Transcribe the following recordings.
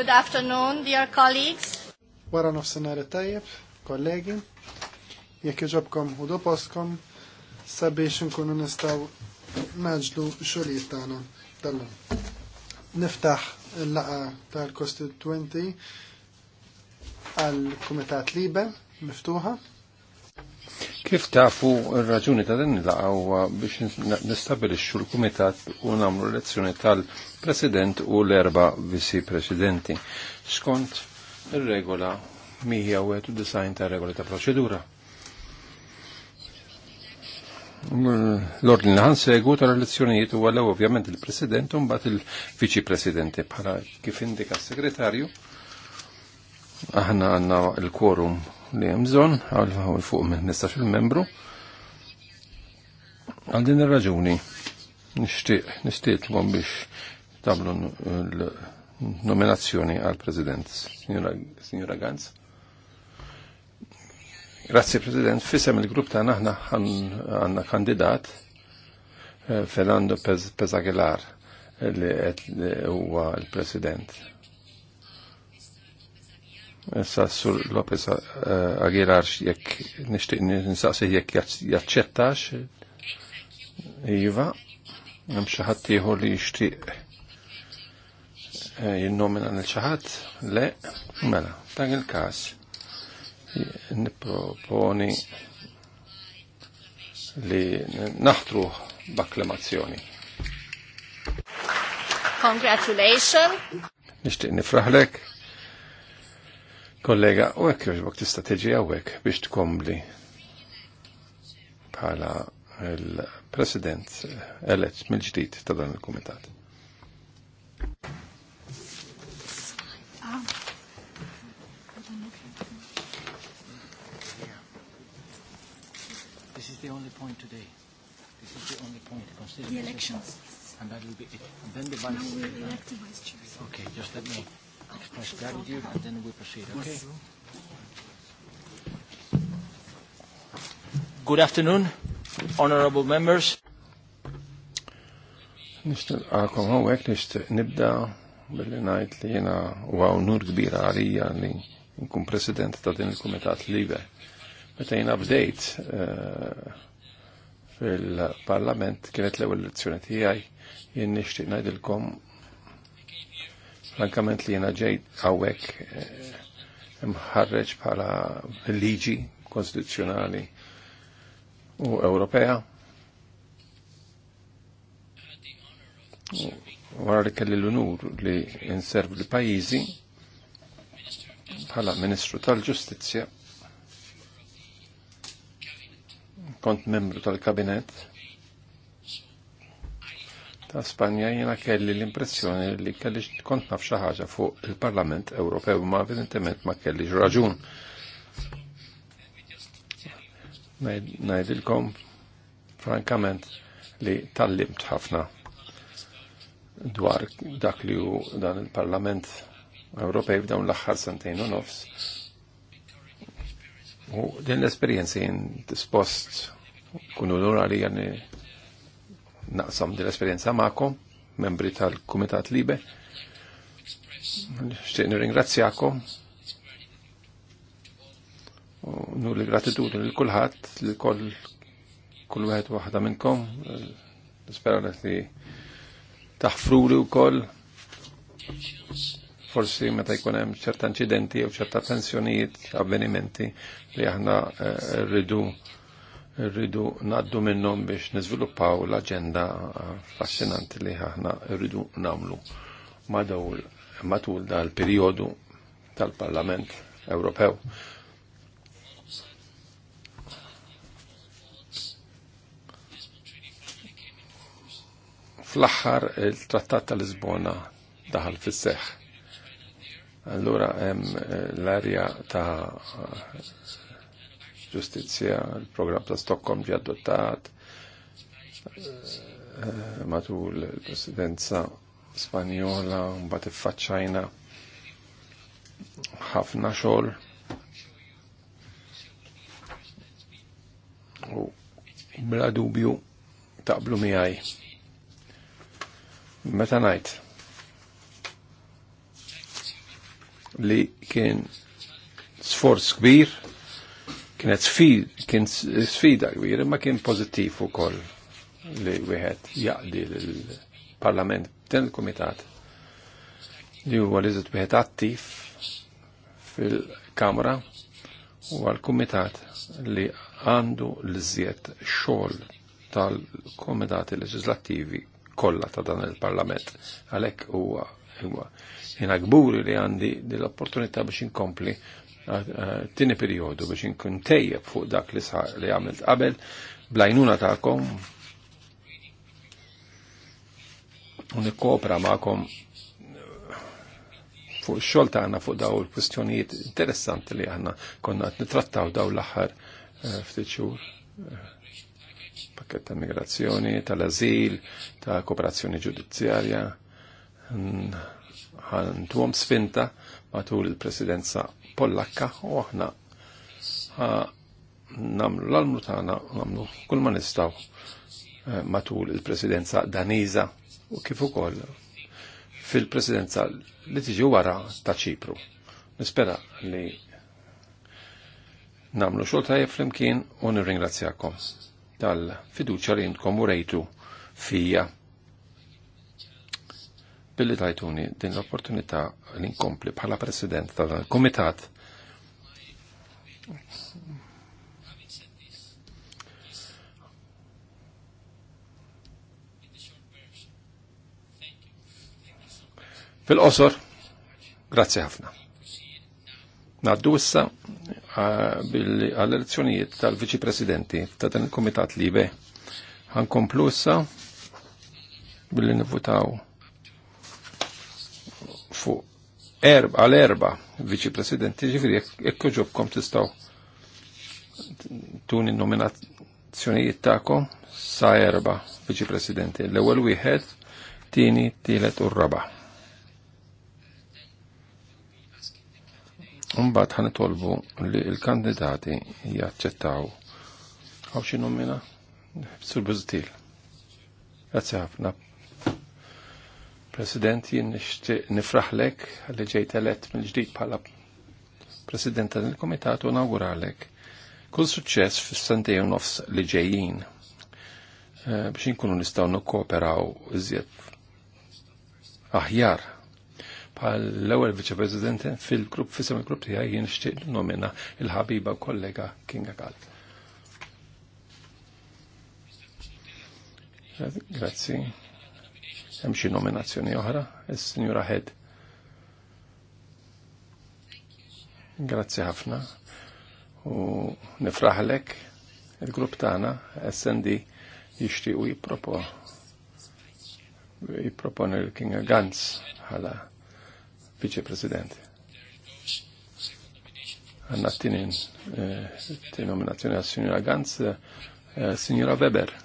Good afternoon, dear colleagues. Wara nofsinhar tajjeb, kollegi, jekk iġobkom u dopostkom sabiex nkunu nistgħu naġlu xogħlijiet tagħna tal-lum. Niftaħ il-laqa tal-Kostituenti għal Kumitat Libe miftuħa. Kif tafu r-raġuni ta' din laqgħu biex nistabilixxu l-kumitat u nagħmlu elezzjoni tal-President u l-erba' visi presidenti skont ir-regola 191 ta' regola ta' proċedura. L-ordin li segu tal-elezzjonijiet huwa l ovvjament il-President u mbagħad il-Viċi Presidenti bħala kif indika s-Segretarju aħna għanna il-kworum li jemżon, għal fuq minn il membru. Għal din il raġuni nixtieq nistiedlhom biex tagħmlu l-nominazzjoni għal President Signora Ganz. Grazie President, fisem il-grupp ta' naħna għanna kandidat eh, Fernando Pezagelar li huwa l-President Issa Sur Lopez eh, Aguilar jekk nixtieq ninsaqsi jekk jaċċettax. Iva, hemm xi ħadd ieħor li jixtieq eh, jinnomina lil xi ħadd? Le, mela, dan il-każ nipproponi li naħtru b'akklamazzjoni. Congratulations. Nixtieq nifraħlek. Kollega, u għek joġbok tista teġi għawek biex tkombli bħala il-president elett mill-ġdid ta' dan il-komitat. This is the only point today. This is the only point. Consider the elections. And that will be it. And then the vice. Now we'll elect the vice chair. Okay, just let me express we Good afternoon, honorable members. Nistilqakom għawek nishtiq nibda billi najt li jena għaw nur kbira għalija li nkun president ta' din il-Kumitat Libe. Meta jena bdejt eh, fil-parlament kienet l-ewwel lezzjoni tiegħi jien nixtieq ngħidilkom Frankament li jena ġejt għawek eh, mħarreċ pala liġi konstituzjonali u Ewropea. Wara li kelli l-unur li inserv li pajizi pala Ministru tal ġustizja kont membru tal-Kabinet ta' Spanja jiena kelli l-impressjoni li kelli kont naf xi ħaġa fuq il-Parlament Ewropew ma evidentement ma kelli raġun. Najdilkom frankament li tal tallimt ħafna dwar dak li dan il-Parlament Ewropej f'dawn l axħar sentejn u nofs. U din l esperienzi jien dispost kunu l-ura li għanni naqsam din l-esperienza ma'kom, membri tal-Kumitat Libe. Xtieq nirringrazzjakom u nuri gratitudni l kulħadd li koll kull wieħed waħda minnkom. Nispera li taħfruli wkoll forsi meta jkun hemm ċerta inċidenti u ċerta tensjonijiet, avvenimenti li aħna eh, rridu uh, rridu naddu minnhom biex nizviluppaw l agenda ah, fascinanti li aħna rridu nagħmlu madawul matul dal periodu tal-Parlament Ewropew. Fl-aħħar il-Trattat tal-Lisbona daħal fis seħ Allura hemm l-arja ta' ġustizzja, il program ta' Stockholm ġi adottat eh, matul il-presidenza Spanjola, un bat faċċajna ħafna xol. u bla dubju taqblu miħaj. Meta najt li kien sforz kbir Kienet sfid, kien sfida kbira, ma kien pozittiv ukoll li wieħed jaqdi l-Parlament ten il-Kumitat li huwa li wieħed attiv fil-Kamra u għal-Kumitat li għandu l-żiet xogħol tal-Komitati Leġislattivi kollha ta' dan il-Parlament. Għalhekk huwa huwa jiena li għandi l-opportunità biex inkompli tini periodu biex inkun tejjeb fuq dak li sħar li għamilt qabel blajnuna ta'kom u nikkopra ma'kom fuq xol ta'na fuq daw il-kwistjonijiet interessanti li għanna konna nitrattaw daw l-axar eh, ftit xhur eh, pakket ta' migrazzjoni, tal-azil, ta' kooperazzjoni ġudizzjarja, għantuhom sfinta matul il-presidenza Pollakka u aħna namlu l-almu tagħna namlu kull ma nistgħu eh, matul il-presidenza Daniza u kif ukoll fil-presidenza li tiġi wara ta' Ċipru. Nispera li namlu xogħol tajjeb flimkien u nirringrazzjakom tal-fiduċja li jintkom u rejtu fija billi tajtuni din l-opportunità l-inkompli bħala president tal-komitat. Fil-qosor, grazzi ħafna. Naddu issa għall-elezzjonijiet tal-Viċi Presidenti ta' dan il-Komitat Libe. Għankomplu issa billi nivutaw erba, għal-erba viċi presidenti ġifiri, ekku ġobkom tistaw tuni nominazzjonijiet ta'kom sa erba viċi presidenti. L-ewel wieħed, tini, tielet u raba. Umbat ħan tolbu li l-kandidati jaċċettaw. Għaw xi nomina? Sur Bużtil. Grazie ħafna, President, jien nifraħlek għalli ġejt elett mill-ġdid bħala President tal-Komitat u nawguralek kull suċċess fis-sentejn nofs li ġejjin eh, biex inkunu nistgħu nikkooperaw iżjed aħjar bħal l-ewwel viċe-President fil-grupp fisem il-grupp tiegħi jien nixtieq nomina il-ħabiba kollega Kinga Gall. Grazie. Hemm xi nominazzjoni oħra, is-Sinjura Head. Grazzi ħafna u nifraħlek il-grupp tagħna SND jixtiequ jippropo jipproponi l king Gans bħala Vice President. Għanna t-tinin, eh, t-nominazzjoni għal-Sinjura Gans, eh, Sinjura Weber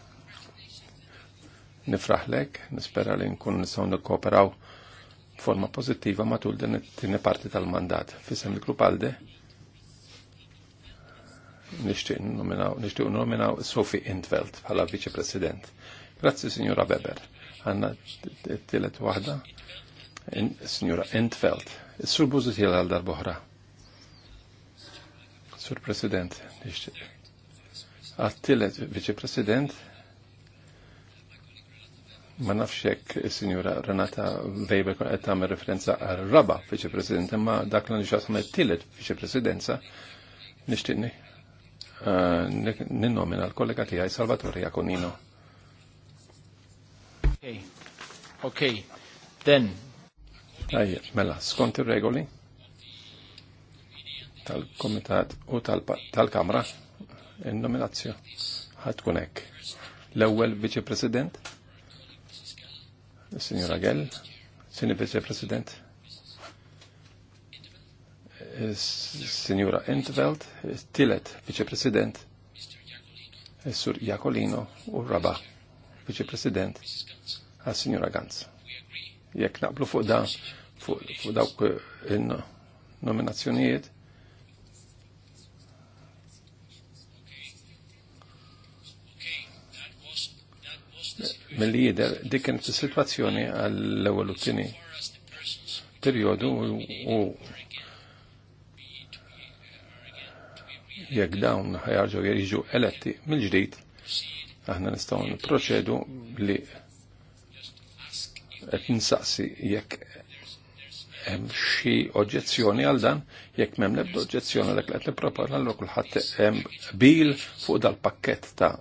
nifraħlek, nispera li nkun nisaw nikkooperaw forma pozittiva matul din it-tieni parti tal-mandat. Fisem li klub għalde nixtieq nominaw Sofi Intveld bħala viċi president. Grazzi Signora Weber. Għanna t-tielet waħda. Signora Intveld. Is-sur Buzutil għal darbohra. Sur President, nixtieq. Għattilet viċi President, Ma nafxek il-Sinjura Renata Weber kun qed tagħmel referenza għal raba viċi-president, imma dak li nixas ma t-tielet viċi-presidenza nixtieqni eh, ninnomina l-kollega tiegħi Salvatore Jaconino. Okay, then. Tajjeb, mela, skont ir-regoli tal-Komitat u tal-Kamra, il-nominazzjoni ħatkun hekk. L-ewwel Viċi President Signora Gell, Signor Vice President, eh, Signora Entveld, eh, Tillet, Vice President, eh, Sur Jacolino Urraba, Vice President, Signora Gans. Jek naqblu fuq da, fuq dawk il-nominazzjonijiet, Mill-li jider, dik kienet situazzjoni għall-ewwel periodu u jekk dawn ħajarġu jirġu eletti mill-ġdid, aħna nistgħu nipproċedu li qed nsaqsi jekk hemm xi oġġezzjoni għal dan, jekk m'hemm l-ebda oġġezzjoni dak li qed nippropan allura kulħadd hemm bil fuq dal-pakkett ta'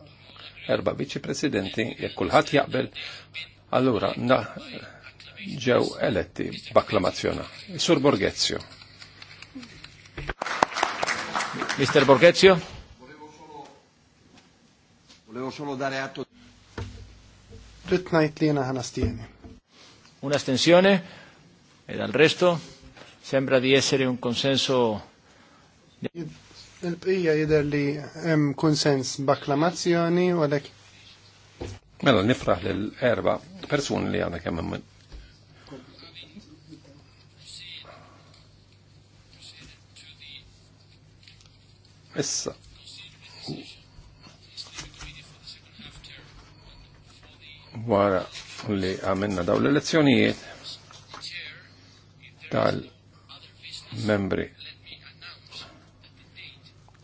erba viċi presidenti, jekk kulħadd jaqbel, allura ġew eletti b'akklamazzjoni. Sur Borghezio. Mr. Borghezio? Volevo solo dare atto. Ritnajt li jena Una Un'astensione e dal resto sembra di essere un consenso il pija jider li hemm konsens b'akklamazzjoni u għalhekk. Mela nifraħ l erba persuni li għandek hemm Issa. Wara li għamenna daw l-elezzjonijiet tal-membri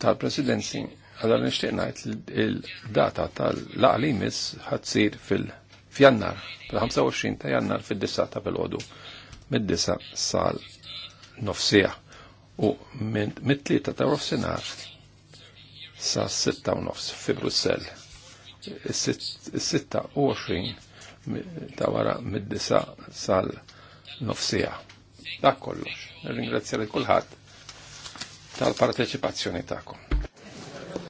tal-presidenzi għadha nishtiq ngħid il-data tal-laqlimis ħadsir fil-fjannar, fil-25 ta' jannar fid-9 ta' fil-ħodu, mid-9 sal nofsija u mid-3 ta' nofsinar sa' 6 ta' nofs fi Brussel. Is-6 ta' wara mid-9 sal nofsija. Dak kollox. Ringrazzjali kulħadd tal-parteċipazzjoni tagħkom.